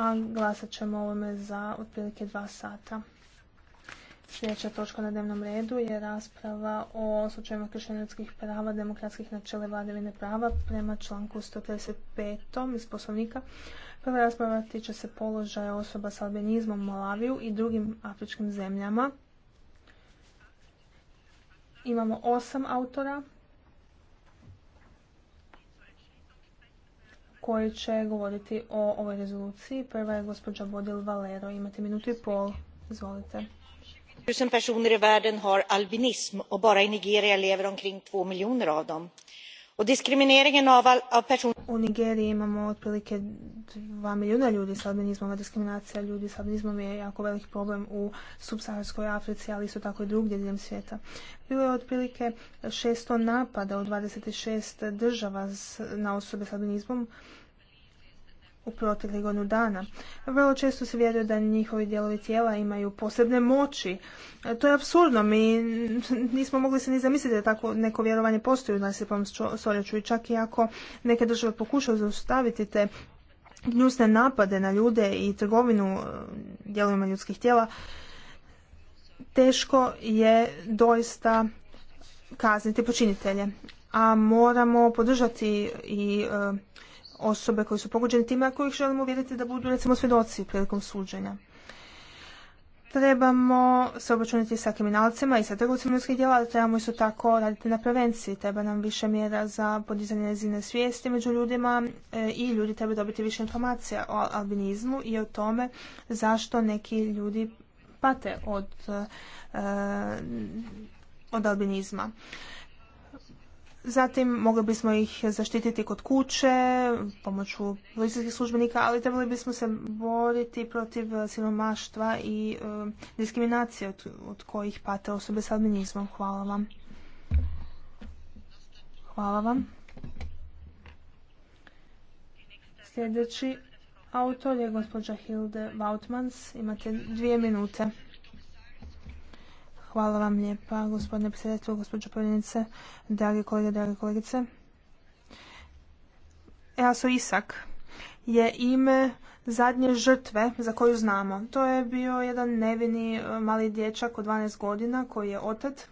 a glasat ćemo ovome za otprilike dva sata. Sljedeća točka na dnevnom redu je rasprava o slučajima kršenja prava, demokratskih načela i vladavine prava prema članku 135. iz poslovnika. Prva rasprava tiče se položaja osoba s albenizmom u Malaviju i drugim afričkim zemljama. Imamo osam autora koji će govoriti o ovoj rezoluciji. Prva je gospođa Bodil Valero. Imate minutu i pol. Izvolite. Tusen personer i världen har albinism och bara i Nigeria lever omkring två miljoner av dem. Och diskrimineringen av, av personer... U Nigeriji imamo otprilike 2 milijuna ljudi s albinizmom, a diskriminacija ljudi s albinizmom je jako veliki problem u subsaharskoj Africi, ali isto tako i drugdje diljem svijeta. Bilo je otprilike 600 napada u 26 država na osobe s albinizmom, u proteklih godinu dana. Vrlo često se vjeruje da njihovi dijelovi tijela imaju posebne moći. E, to je absurdno, mi nismo mogli se ni zamisliti da tako neko vjerovanje postoji u 21. stoljeću i čak i ako neke države pokušaju zaustaviti te gnjusne napade na ljude i trgovinu e, dijelovima ljudskih tijela, teško je doista kazniti počinitelje. A moramo podržati i e, osobe koje su pogođene time a kojih želimo uvjeriti da budu recimo svjedoci prilikom suđenja. Trebamo se obračuniti sa kriminalcima i sa trgovcima ljudskih djela, ali trebamo isto tako raditi na prevenciji. Treba nam više mjera za podizanje razine svijesti među ljudima e, i ljudi trebaju dobiti više informacija o albinizmu i o tome zašto neki ljudi pate od, e, e, od albinizma. Zatim mogli bismo ih zaštititi kod kuće, pomoću policijskih službenika, ali trebali bismo se boriti protiv siromaštva i e, diskriminacije od, kojih pate osobe s albinizmom. Hvala vam. Hvala vam. Sljedeći autor je gospođa Hilde Vautmans. Imate dvije minute. Hvala vam lijepa, gospodine predsjedatelju, gospođo povjerenice, dragi kolege, drage kolegice. Easo Isak je ime zadnje žrtve za koju znamo. To je bio jedan nevini e, mali dječak od 12 godina koji je otet.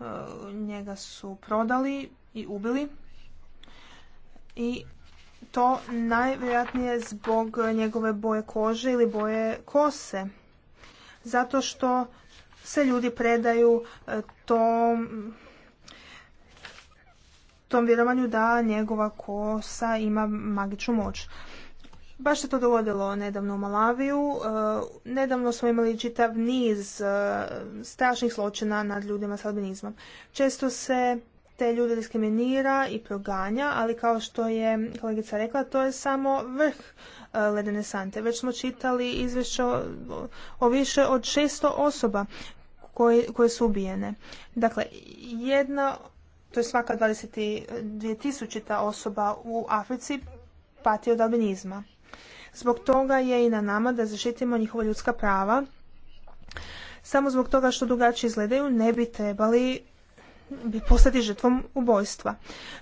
E, njega su prodali i ubili. I to najvjerojatnije zbog njegove boje kože ili boje kose. Zato što se ljudi predaju e, tom tom vjerovanju da njegova kosa ima magičnu moć. Baš se to dogodilo nedavno u Malaviju. E, nedavno smo imali čitav niz e, strašnih zločina nad ljudima s albinizmom. Često se te ljude diskriminira i proganja, ali kao što je kolegica rekla, to je samo vrh ledene sante. Već smo čitali izvješće o više od 600 osoba koje, koje su ubijene. Dakle, jedna, to je svaka 22 osoba u Africi pati od albinizma. Zbog toga je i na nama da zaštitimo njihova ljudska prava. Samo zbog toga što drugačije izgledaju ne bi trebali postati žrtvom ubojstva.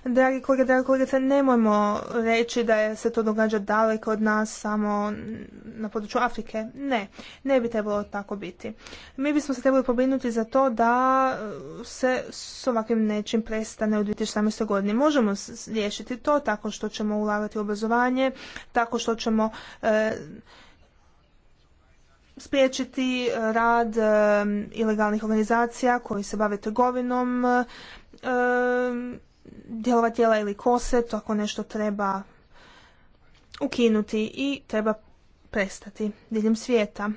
Dragi kolege, dragi kolegice, nemojmo reći da se to događa daleko od nas, samo na području Afrike. Ne, ne bi trebalo tako biti. Mi bismo se trebali pobrinuti za to da uh, se s ovakvim nečim prestane u 2017. godini. Možemo riješiti to tako što ćemo ulagati u obrazovanje, tako što ćemo uh, spriječiti eh, rad eh, ilegalnih organizacija koji se bave trgovinom eh, dijelova tijela ili kose, to ako nešto treba ukinuti i treba prestati diljem svijeta.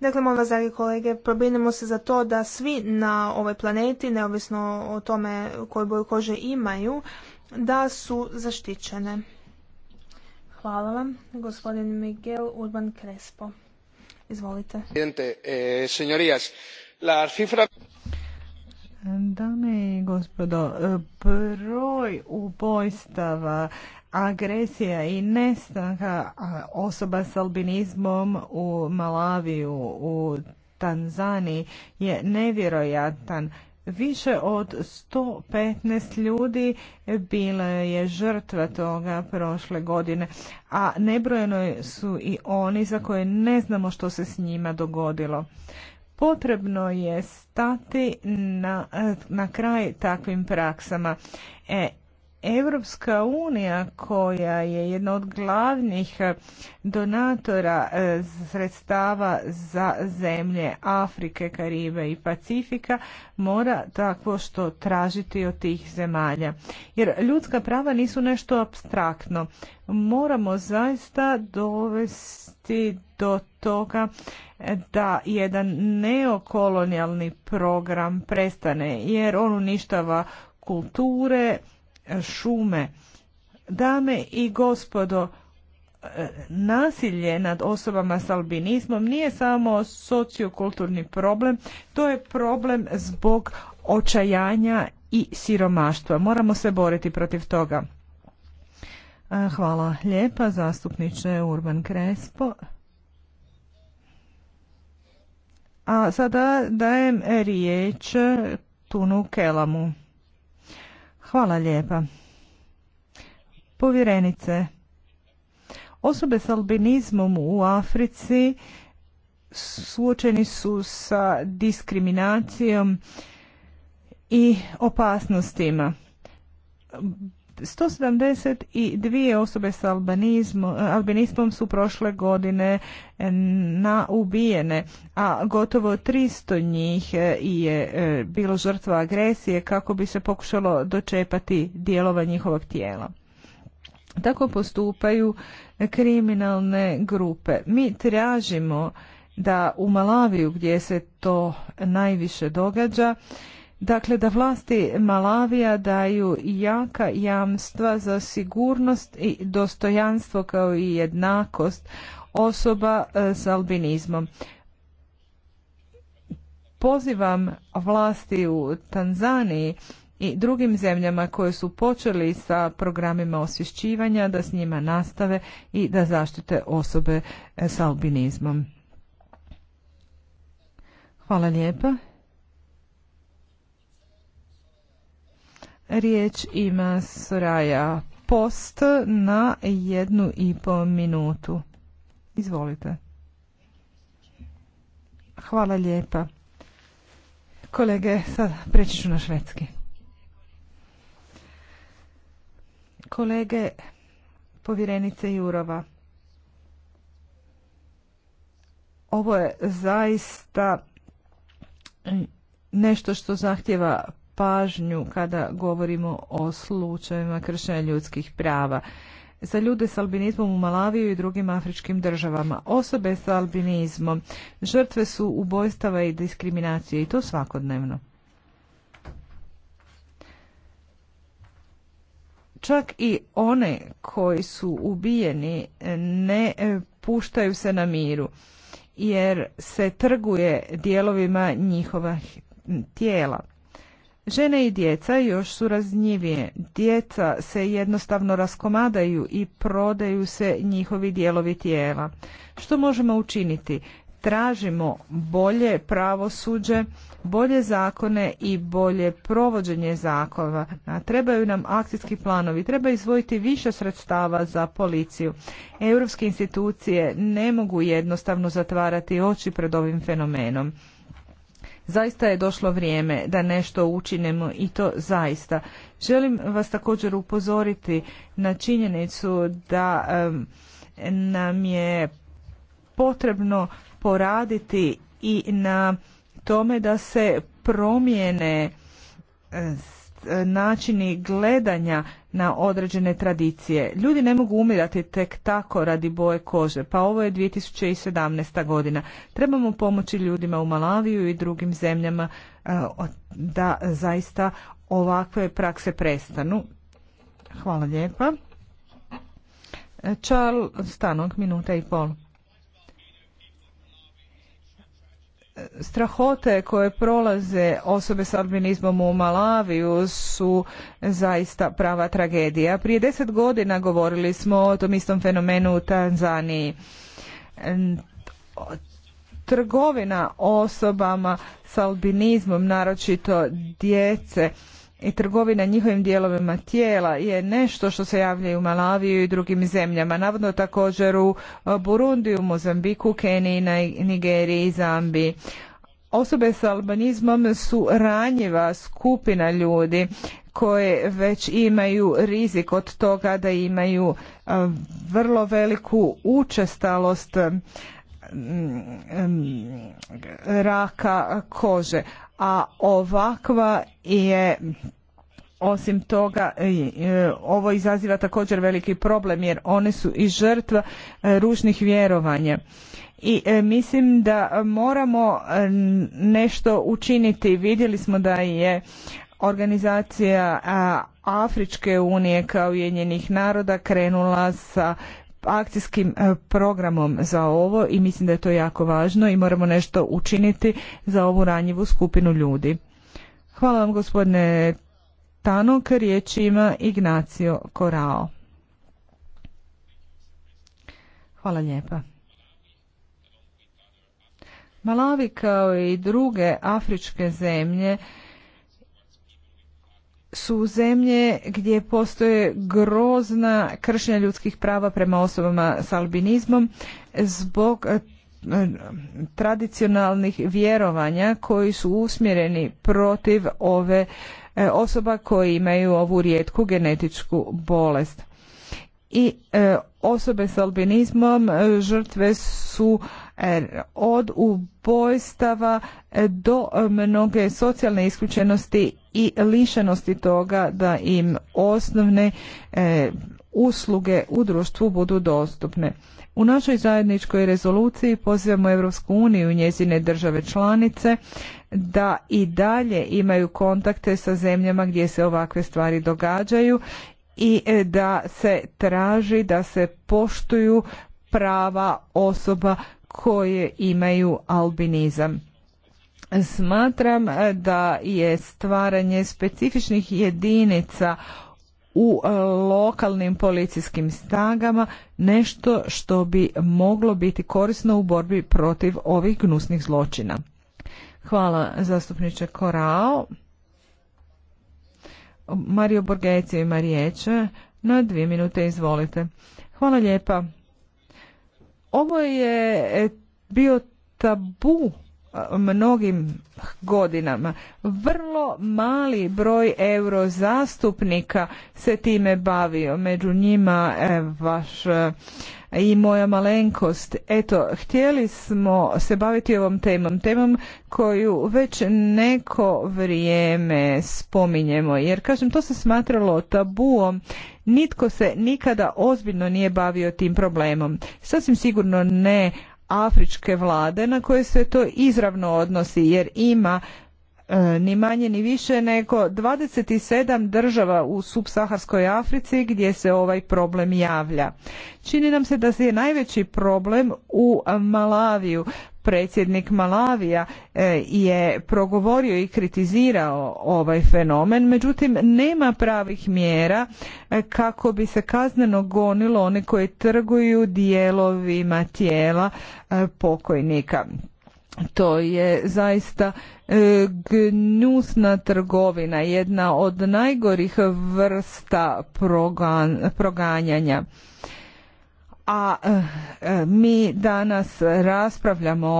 Dakle, molim vas, dragi kolege, probinimo se za to da svi na ovoj planeti, neovisno o tome koju boju kože imaju, da su zaštićene. Hvala vam, gospodin Miguel Urban Crespo. Izvolite. Eh, Dame i gospodo, eh, broj ubojstava, agresija i nestanka osoba s albinizmom u Malaviju, u Tanzaniji je nevjerojatan Više od 115 ljudi bilo je žrtva toga prošle godine, a nebrojeno su i oni za koje ne znamo što se s njima dogodilo. Potrebno je stati na, na kraj takvim praksama. E, Europska unija koja je jedna od glavnih eh, donatora eh, sredstava za zemlje Afrike, Karibe i Pacifika mora takvo što tražiti od tih zemalja. Jer ljudska prava nisu nešto abstraktno. Moramo zaista dovesti do toga eh, da jedan neokolonijalni program prestane jer on uništava kulture, šume. Dame i gospodo, e, nasilje nad osobama s albinizmom nije samo sociokulturni problem, to je problem zbog očajanja i siromaštva. Moramo se boriti protiv toga. E, hvala lijepa, zastupniče Urban Krespo. A sada dajem riječ Tunu Kelamu. Hvala lijepa. Povjerenice, osobe s albinizmom u Africi suočeni su sa diskriminacijom i opasnostima 172 osobe s albinizmom eh, su prošle godine eh, na ubijene, a gotovo 300 njih eh, je bilo žrtva agresije kako bi se pokušalo dočepati dijelova njihovog tijela. Tako postupaju kriminalne grupe. Mi tražimo da u Malaviju gdje se to najviše događa Dakle, da vlasti Malavija daju jaka jamstva za sigurnost i dostojanstvo kao i jednakost osoba e, s albinizmom. Pozivam vlasti u Tanzaniji i drugim zemljama koje su počeli sa programima osvješćivanja da s njima nastave i da zaštite osobe e, s albinizmom. Hvala lijepa. Riječ ima Soraja Post na jednu i po minutu. Izvolite. Hvala lijepa. Kolege, sad preći ću na švedski. Kolege, povjerenice Jurova, ovo je zaista nešto što zahtjeva pažnju kada govorimo o slučajevima kršenja ljudskih prava za ljude s albinizmom u Malaviju i drugim afričkim državama. Osobe s albinizmom žrtve su ubojstava i diskriminacije i to svakodnevno. Čak i one koji su ubijeni ne e, puštaju se na miru jer se trguje dijelovima njihova tijela. Žene i djeca još su raznjivije. Djeca se jednostavno raskomadaju i prodaju se njihovi dijelovi tijela. Što možemo učiniti? Tražimo bolje pravosuđe, bolje zakone i bolje provođenje zakova. Trebaju nam akcijski planovi, treba izvojiti više sredstava za policiju. Europske institucije ne mogu jednostavno zatvarati oči pred ovim fenomenom. Zaista je došlo vrijeme da nešto učinemo i to zaista. Želim vas također upozoriti na činjenicu da nam je potrebno poraditi i na tome da se promijene e, načini gledanja na određene tradicije. Ljudi ne mogu umirati tek tako radi boje kože, pa ovo je 2017. godina. Trebamo pomoći ljudima u Malaviju i drugim zemljama e, da zaista ovakve prakse prestanu. Hvala lijepa. E, Charles stanog minuta i pol. strahote koje prolaze osobe s albinizmom u Malaviju su zaista prava tragedija. Prije deset godina govorili smo o tom istom fenomenu u Tanzaniji. Trgovina osobama s albinizmom, naročito djece, i trgovina njihovim dijelovima tijela je nešto što se javlja u Malaviju i drugim zemljama. Navodno također u e, Burundiju, Mozambiku, Keniji, Nigeriji i Zambiji. Osobe s albanizmom su ranjiva skupina ljudi koje već imaju rizik od toga da imaju e, vrlo veliku učestalost raka kože a ovakva je osim toga, ovo izaziva također veliki problem jer one su i žrtva e, ružnih vjerovanja. I e, mislim da moramo e, nešto učiniti. Vidjeli smo da je organizacija Afričke unije kao Ujedinjenih naroda krenula sa akcijskim e, programom za ovo i mislim da je to jako važno i moramo nešto učiniti za ovu ranjivu skupinu ljudi. Hvala vam gospodine Tanok, riječ ima Ignacio Korao. Hvala lijepa. Malavi kao i druge afričke zemlje su zemlje gdje postoje grozna kršenja ljudskih prava prema osobama s albinizmom zbog eh, tradicionalnih vjerovanja koji su usmjereni protiv ove eh, osoba koji imaju ovu rijetku genetičku bolest. I eh, osobe s albinizmom žrtve su od ubojstava do mnoge socijalne isključenosti i lišenosti toga da im osnovne e, usluge u društvu budu dostupne. U našoj zajedničkoj rezoluciji pozivamo Europsku uniju i njezine države članice da i dalje imaju kontakte sa zemljama gdje se ovakve stvari događaju i e, da se traži da se poštuju prava osoba koje imaju albinizam. Smatram e, da je stvaranje specifičnih jedinica u e, lokalnim policijskim stagama nešto što bi moglo biti korisno u borbi protiv ovih gnusnih zločina. Hvala zastupniče Korao. Mario Borgeci ima riječ. Na dvije minute izvolite. Hvala lijepa. Ovo je e, bio tabu mnogim godinama. Vrlo mali broj euro zastupnika se time bavio, među njima e, vaš e, i moja malenkost. Eto, htjeli smo se baviti ovom temom, temom koju već neko vrijeme spominjemo, jer kažem, to se smatralo tabuom, nitko se nikada ozbiljno nije bavio tim problemom. Sasvim sigurno ne afričke vlade na koje se to izravno odnosi jer ima e, ni manje ni više nego 27 država u subsaharskoj Africi gdje se ovaj problem javlja. Čini nam se da se je najveći problem u Malaviju predsjednik Malavija e, je progovorio i kritizirao ovaj fenomen, međutim nema pravih mjera e, kako bi se kazneno gonilo one koje trguju dijelovima tijela e, pokojnika. To je zaista gnusna trgovina, jedna od najgorih vrsta proganjanja a eh, mi danas raspravljamo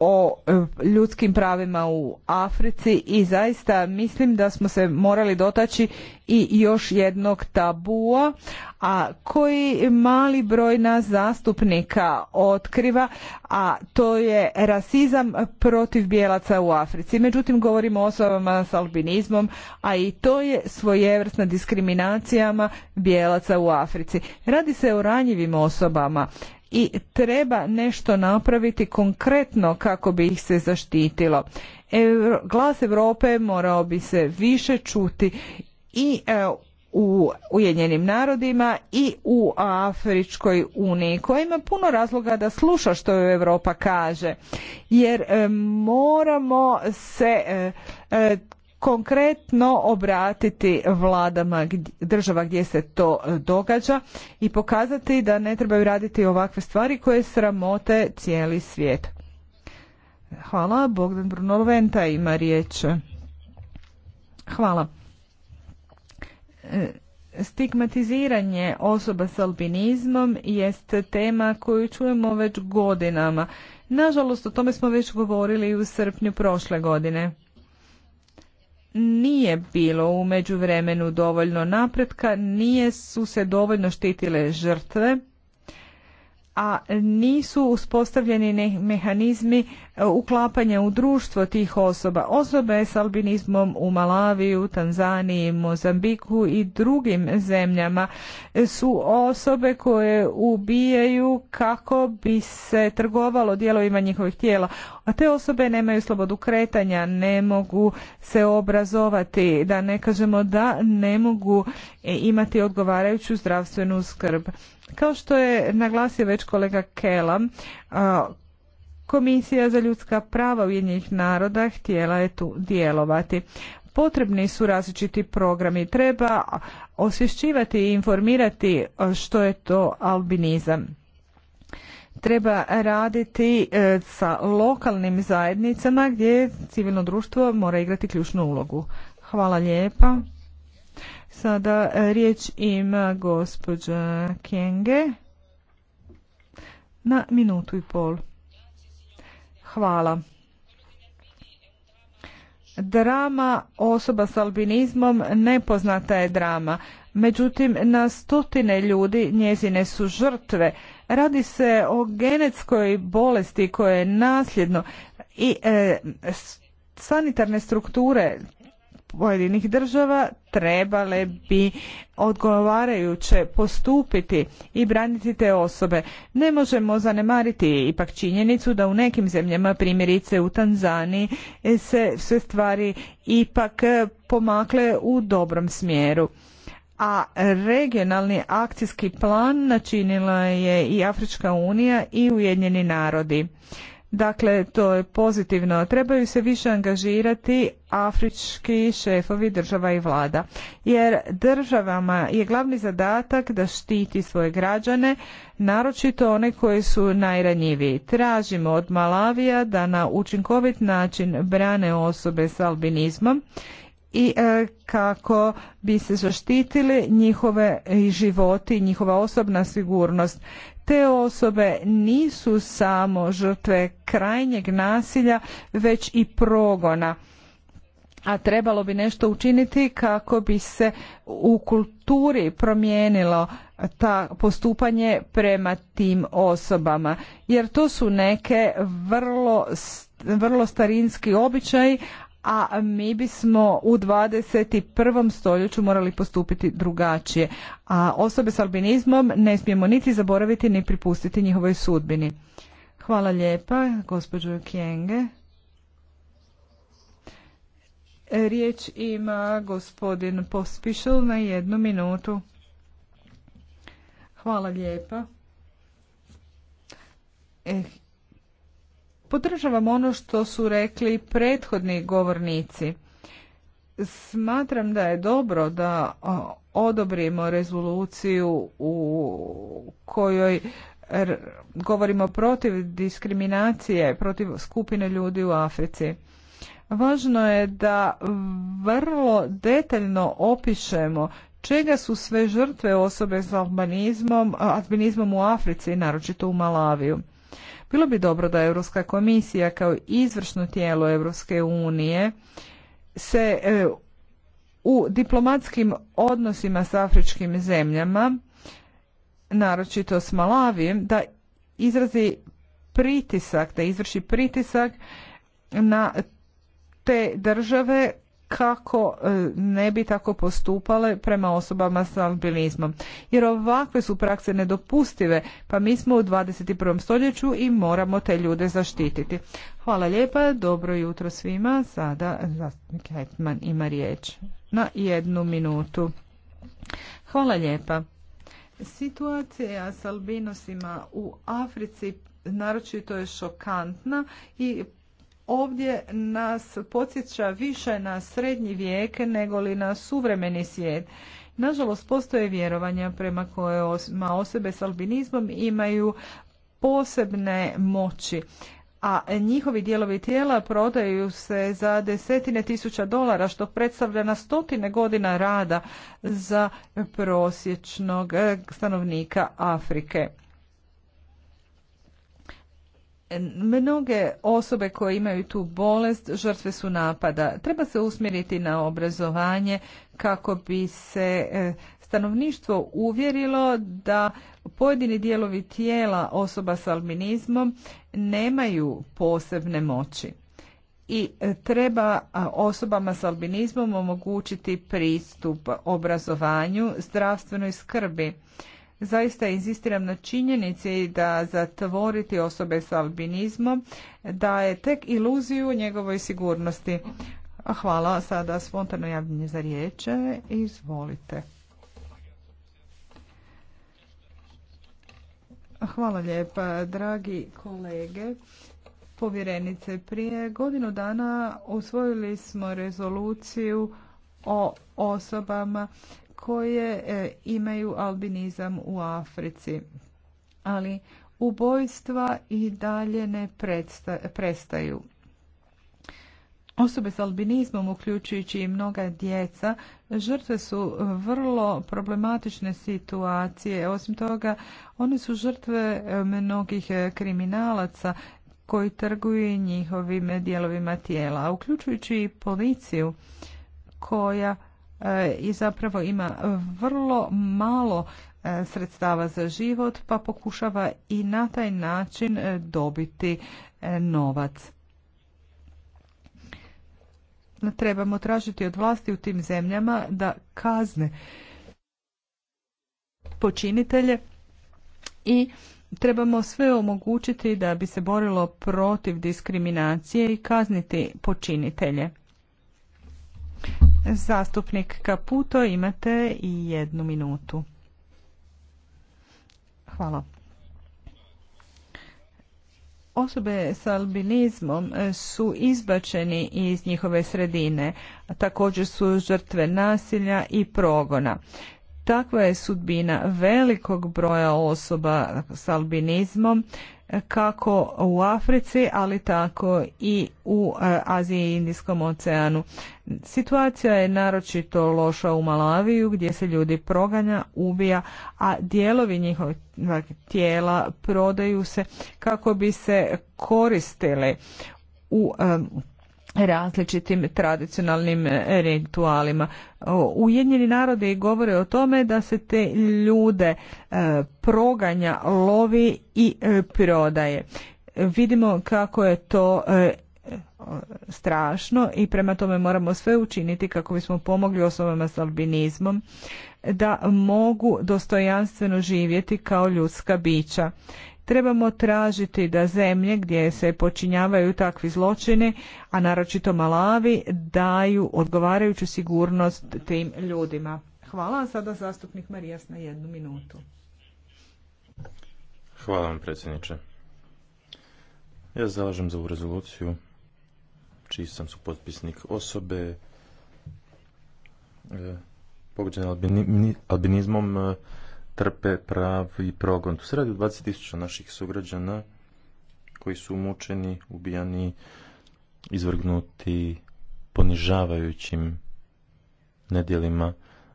o e, ljudskim pravima u Africi i zaista mislim da smo se morali dotaći i još jednog tabua, a koji mali broj nas zastupnika otkriva, a to je rasizam protiv bijelaca u Africi. Međutim, govorimo o osobama s albinizmom, a i to je svojevrsna diskriminacijama bijelaca u Africi. Radi se o ranjivim osobama i treba nešto napraviti konkretno kako bi ih se zaštitilo. glas Europe morao bi se više čuti i e, u Ujedinjenim narodima i u Afričkoj uniji koja ima puno razloga da sluša što Europa kaže jer e, moramo se e, konkretno obratiti vladama država gdje se to e, događa i pokazati da ne trebaju raditi ovakve stvari koje sramote cijeli svijet. Hvala. Bogdan Bruno ima riječ. Hvala. E, stigmatiziranje osoba s albinizmom jest tema koju čujemo već godinama. Nažalost, o tome smo već govorili u srpnju prošle godine nije bilo u međuvremenu dovoljno napretka, nije su se dovoljno štitile žrtve, a nisu uspostavljeni mehanizmi e, uklapanja u društvo tih osoba. Osobe s albinizmom u Malaviju, Tanzaniji, Mozambiku i drugim zemljama e, su osobe koje ubijaju kako bi se trgovalo dijelovima njihovih tijela a te osobe nemaju slobodu kretanja, ne mogu se obrazovati, da ne kažemo da ne mogu imati odgovarajuću zdravstvenu skrb. Kao što je naglasio već kolega Kela, Komisija za ljudska prava Ujedinjenih naroda htjela je tu djelovati. Potrebni su različiti programi. Treba osvješćivati i informirati što je to albinizam treba raditi e, sa lokalnim zajednicama gdje civilno društvo mora igrati ključnu ulogu. Hvala lijepa. Sada riječ ima gospođa Kenge na minutu i pol. Hvala. Drama osoba s albinizmom nepoznata je drama. Međutim, na stotine ljudi njezine su žrtve Radi se o genetskoj bolesti koja je nasljedno i e, sanitarne strukture pojedinih država trebale bi odgovarajuće postupiti i braniti te osobe. Ne možemo zanemariti ipak činjenicu da u nekim zemljama, primjerice u Tanzaniji, e, se sve stvari ipak pomakle u dobrom smjeru a regionalni akcijski plan načinila je i Afrička unija i Ujedinjeni narodi. Dakle, to je pozitivno. Trebaju se više angažirati afrički šefovi država i vlada, jer državama je glavni zadatak da štiti svoje građane, naročito one koji su najranjiviji. Tražimo od Malavija da na učinkovit način brane osobe s albinizmom i e, kako bi se zaštitili njihove životi i njihova osobna sigurnost. Te osobe nisu samo žrtve krajnjeg nasilja, već i progona. A trebalo bi nešto učiniti kako bi se u kulturi promijenilo ta postupanje prema tim osobama. Jer to su neke vrlo vrlo starinski običaj, a mi bismo u 21. stoljeću morali postupiti drugačije. A osobe s albinizmom ne smijemo niti zaboraviti ni pripustiti njihovoj sudbini. Hvala lijepa, gospođo Kjenge. Riječ ima gospodin Pospišel na jednu minutu. Hvala lijepa. Eh, Podržavam ono što su rekli prethodni govornici. Smatram da je dobro da odobrimo rezoluciju u kojoj govorimo protiv diskriminacije, protiv skupine ljudi u Africi. Važno je da vrlo detaljno opišemo čega su sve žrtve osobe s albanizmom, albinizmom u Africi, naročito u Malaviju. Bilo bi dobro da Europska komisija kao izvršno tijelo Europske unije se e, u diplomatskim odnosima s afričkim zemljama, naročito s Malavijem, da izrazi pritisak, da izvrši pritisak na te države kako e, ne bi tako postupale prema osobama s albinizmom. Jer ovakve su prakse nedopustive, pa mi smo u 21. stoljeću i moramo te ljude zaštititi. Hvala lijepa, dobro jutro svima. Sada zastupnik Hetman ima riječ na jednu minutu. Hvala lijepa. Situacija s albinosima u Africi naročito je šokantna i ovdje nas podsjeća više na srednji vijek nego li na suvremeni svijet. Nažalost, postoje vjerovanja prema kojima osobe s albinizmom imaju posebne moći a njihovi dijelovi tijela prodaju se za desetine tisuća dolara, što predstavlja na stotine godina rada za prosječnog e, stanovnika Afrike. Mnoge osobe koje imaju tu bolest žrtve su napada. Treba se usmjeriti na obrazovanje kako bi se e, stanovništvo uvjerilo da pojedini dijelovi tijela osoba s albinizmom nemaju posebne moći. I e, treba osobama s albinizmom omogućiti pristup obrazovanju, zdravstvenoj skrbi zaista inzistiram na činjenici da zatvoriti osobe s albinizmom daje tek iluziju njegovoj sigurnosti. Hvala. Sada spontano javljanje za riječe. Izvolite. Hvala lijepa, dragi kolege. Povjerenice, prije godinu dana usvojili smo rezoluciju o osobama koje e, imaju albinizam u Africi. Ali ubojstva i dalje ne prestaju. Osobe s albinizmom, uključujući i mnoga djeca, žrtve su vrlo problematične situacije. Osim toga, one su žrtve e, mnogih e, kriminalaca koji trguju njihovim dijelovima tijela, uključujući i policiju koja i zapravo ima vrlo malo e, sredstava za život pa pokušava i na taj način e, dobiti e, novac. Trebamo tražiti od vlasti u tim zemljama da kazne počinitelje i trebamo sve omogućiti da bi se borilo protiv diskriminacije i kazniti počinitelje. Zastupnik Kaputo, imate i jednu minutu. Hvala. Osobe s albinizmom su izbačeni iz njihove sredine, a također su žrtve nasilja i progona. Takva je sudbina velikog broja osoba s albinizmom kako u Africi, ali tako i u e, Aziji i Indijskom oceanu. Situacija je naročito loša u Malaviju gdje se ljudi proganja, ubija, a dijelovi njihovih dakle, tijela prodaju se kako bi se koristili u e, različitim tradicionalnim e, ritualima. Ujedinjeni narodi govore o tome da se te ljude e, proganja, lovi i e, prodaje. Vidimo kako je to strašno i prema tome moramo sve učiniti kako bismo pomogli osobama s albinizmom da mogu dostojanstveno živjeti kao ljudska bića. Trebamo tražiti da zemlje gdje se počinjavaju takvi zločini, a naročito Malavi, daju odgovarajuću sigurnost tim ljudima. Hvala, vam sada zastupnik Marijas na jednu minutu. Hvala vam, predsjedniče. Ja zalažem za ovu rezoluciju, čiji sam potpisnik osobe, e, albinizmom, e, trpe pravi progon. Tu se radi o 20.000 naših sugrađana koji su mučeni, ubijani, izvrgnuti ponižavajućim nedjelima.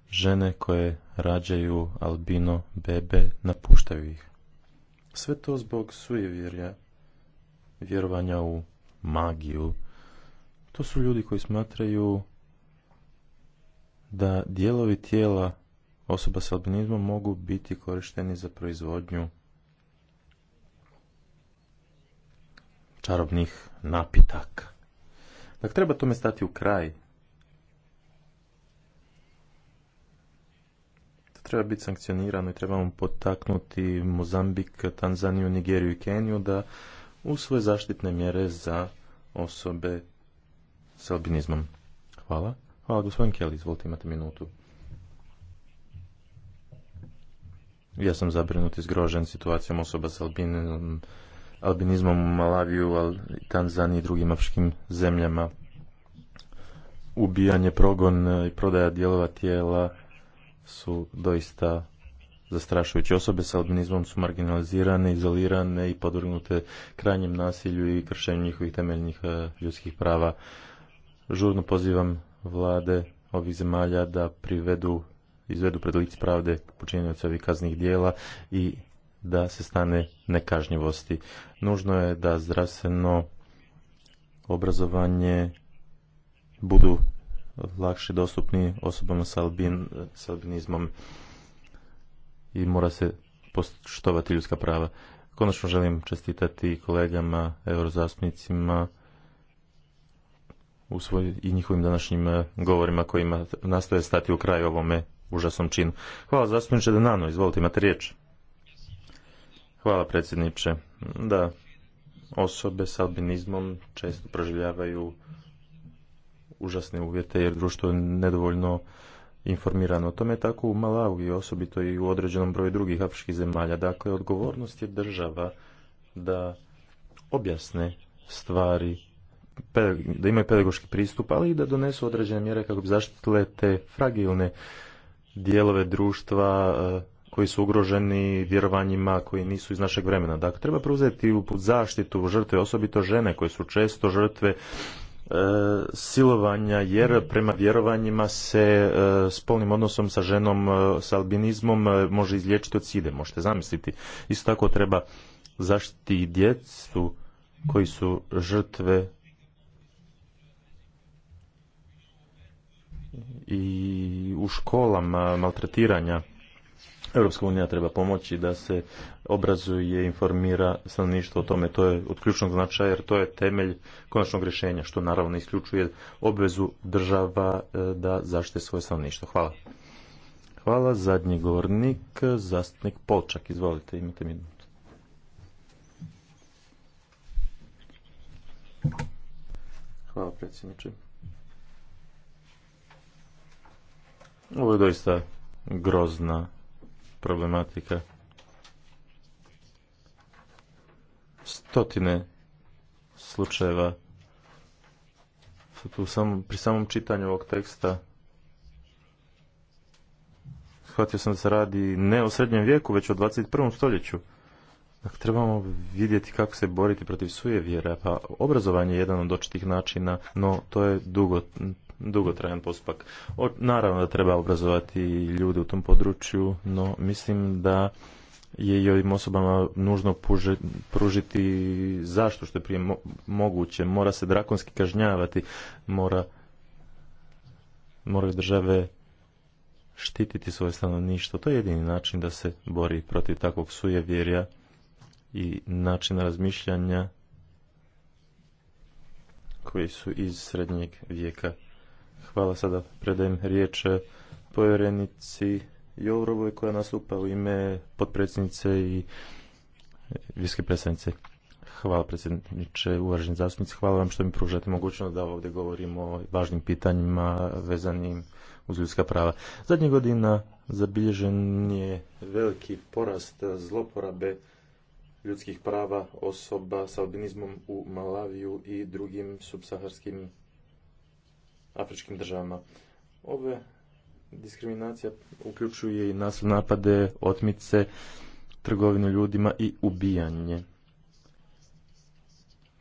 Žene koje rađaju albino bebe napuštaju ih. Sve to zbog sujevjerja, vjerovanja u magiju. To su ljudi koji smatraju da dijelovi tijela osoba sa albinizmom mogu biti korišteni za proizvodnju čarobnih napitaka. Dakle, treba tome stati u kraj. To treba biti sankcionirano i trebamo potaknuti Mozambik, Tanzaniju, Nigeriju i Keniju da usvoje zaštitne mjere za osobe s albinizmom. Hvala. Hvala, gospodin Kelly, izvolite, imate minutu. Ja sam zabrinut i zgrožen situacijom osoba s albinizmom, albinizmom u Malaviju, Tanzaniji i drugim afričkim zemljama. Ubijanje, progon e, i prodaja dijelova tijela su doista zastrašujući. Osobe s albinizmom su marginalizirane, izolirane i podvrgnute krajnjem nasilju i kršenju njihovih temeljnih e, ljudskih prava. Žurno pozivam vlade ovih zemalja da privedu izvedu pred lice pravde počinjenica ovih kaznih dijela i da se stane nekažnjivosti. Nužno je da zdravstveno obrazovanje budu lakše dostupni osobama sa, albinizmom i mora se poštovati ljudska prava. Konačno želim čestitati kolegama, eurozastupnicima u i njihovim današnjim eh, govorima kojima nastoje stati u kraj ovome užasnom činu. Hvala zastupniče nano izvolite imate riječ. Hvala predsjedniče. Da, osobe s albinizmom često proživljavaju užasne uvjete jer društvo je nedovoljno informirano. O tome je tako u Malawi, osobito i u određenom broju drugih afričkih zemalja. Dakle, odgovornost je država da objasne stvari, da imaju pedagoški pristup, ali i da donesu određene mjere kako bi zaštitile te fragilne dijelove društva e, koji su ugroženi vjerovanjima koji nisu iz našeg vremena. Dakle, treba preuzeti u zaštitu žrtve, osobito žene koje su često žrtve e, silovanja, jer prema vjerovanjima se s e, spolnim odnosom sa ženom, sa albinizmom može izliječiti od side, možete zamisliti. Isto tako treba zaštiti i djecu koji su žrtve i u školama maltretiranja. Europska unija treba pomoći da se obrazuje i informira stanovništvo o tome. To je od ključnog značaja jer to je temelj konačnog rješenja, što naravno isključuje obvezu država e, da zaštite svoje stanovništvo. Hvala. Hvala. Zadnji govornik, zastupnik Polčak. Izvolite, imate minut Hvala predsjedniče. Ovo je doista grozna problematika. Stotine slučajeva sam, pri samom čitanju ovog teksta. Shvatio sam da se radi ne o srednjem vijeku, već o 21. stoljeću. Dakle, trebamo vidjeti kako se boriti protiv suje vjera, pa obrazovanje je jedan od očitih načina, no to je dugo dugotrajan postupak. Naravno da treba obrazovati ljude u tom području, no mislim da je i ovim osobama nužno pružiti zašto što je prije moguće. Mora se drakonski kažnjavati, mora moraju države štititi svoje stanovništvo. To je jedini način da se bori protiv takvog sujevjerja i načina razmišljanja koji su iz srednjeg vijeka Hvala sada predajem riječ e, povjerenici Jourovoj koja nastupa u ime potpredsjednice i viske predstavnice. Hvala predsjedniče, uvaženi zastupnici, hvala vam što mi pružate mogućnost da ovdje govorimo o važnim pitanjima vezanim uz ljudska prava. Zadnjih godina zabilježen je veliki porast zloporabe ljudskih prava osoba sa albinizmom u Malaviju i drugim subsaharskim afričkim državama. Ove diskriminacija uključuje i nas napade, otmice, trgovinu ljudima i ubijanje.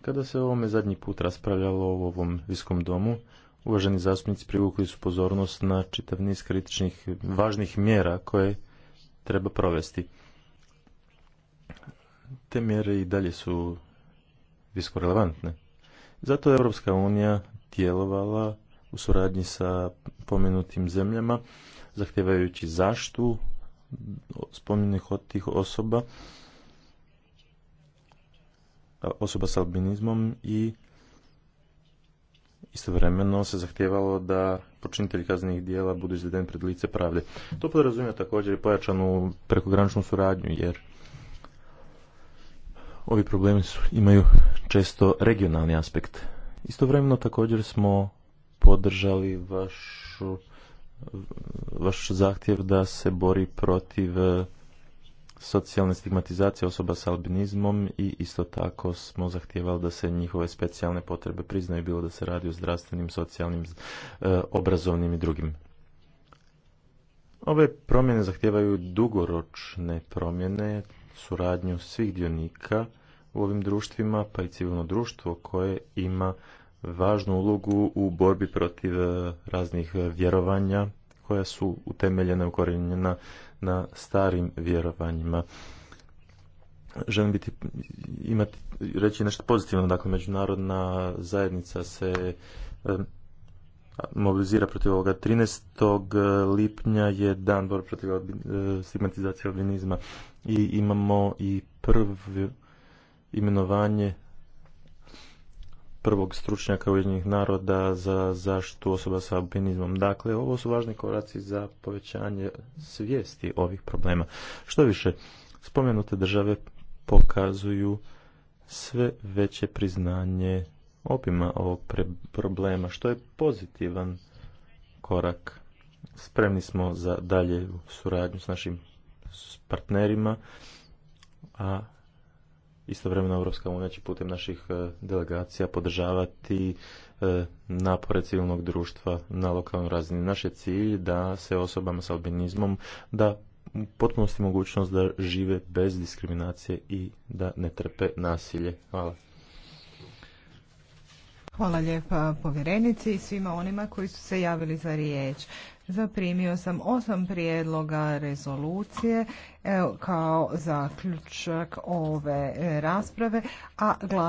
Kada se o ovome zadnji put raspravljalo u ovom viskom domu, uvaženi zastupnici privukli su pozornost na čitav niz kritičnih važnih mjera koje treba provesti. Te mjere i dalje su visko relevantne. Zato je Europska unija djelovala u suradnji sa pomenutim zemljama, zahtevajući zaštu spomenih od tih osoba, osoba sa albinizmom i istovremeno se zahtijevalo da počinitelji kaznenih dijela budu izvedeni pred lice pravde. To podrazumije također i pojačanu prekograničnu suradnju, jer ovi problemi su, imaju često regionalni aspekt. Istovremeno također smo podržali vaš zahtjev da se bori protiv e, socijalne stigmatizacije osoba s albinizmom i isto tako smo zahtijevali da se njihove specijalne potrebe priznaju, bilo da se radi o zdravstvenim, socijalnim, e, obrazovnim i drugim. Ove promjene zahtijevaju dugoročne promjene, suradnju svih dionika u ovim društvima, pa i civilno društvo koje ima važnu ulogu u borbi protiv e, raznih e, vjerovanja koja su utemeljena i ukorenjena na starim vjerovanjima. Želim biti, imati, reći nešto pozitivno, dakle međunarodna zajednica se e, mobilizira protiv ovoga. 13. lipnja je dan borbe protiv stigmatizacije albinizma i imamo i prvo imenovanje prvog stručnjaka Ujedinjenih naroda za zaštitu osoba sa albinizmom. Dakle, ovo su važni koraci za povećanje svijesti ovih problema. Što više, spomenute države pokazuju sve veće priznanje opima ovog problema, što je pozitivan korak. Spremni smo za dalje suradnju s našim partnerima, a Istovremeno Europska unija će putem naših e, delegacija podržavati e, napore civilnog društva na lokalnoj razini. Naš je cilj da se osobama s albinizmom da potpunosti mogućnost da žive bez diskriminacije i da ne trpe nasilje. Hvala. Hvala lijepa povjerenici i svima onima koji su se javili za riječ. Zaprimio sam osam prijedloga rezolucije e, kao zaključak ove e, rasprave, a glas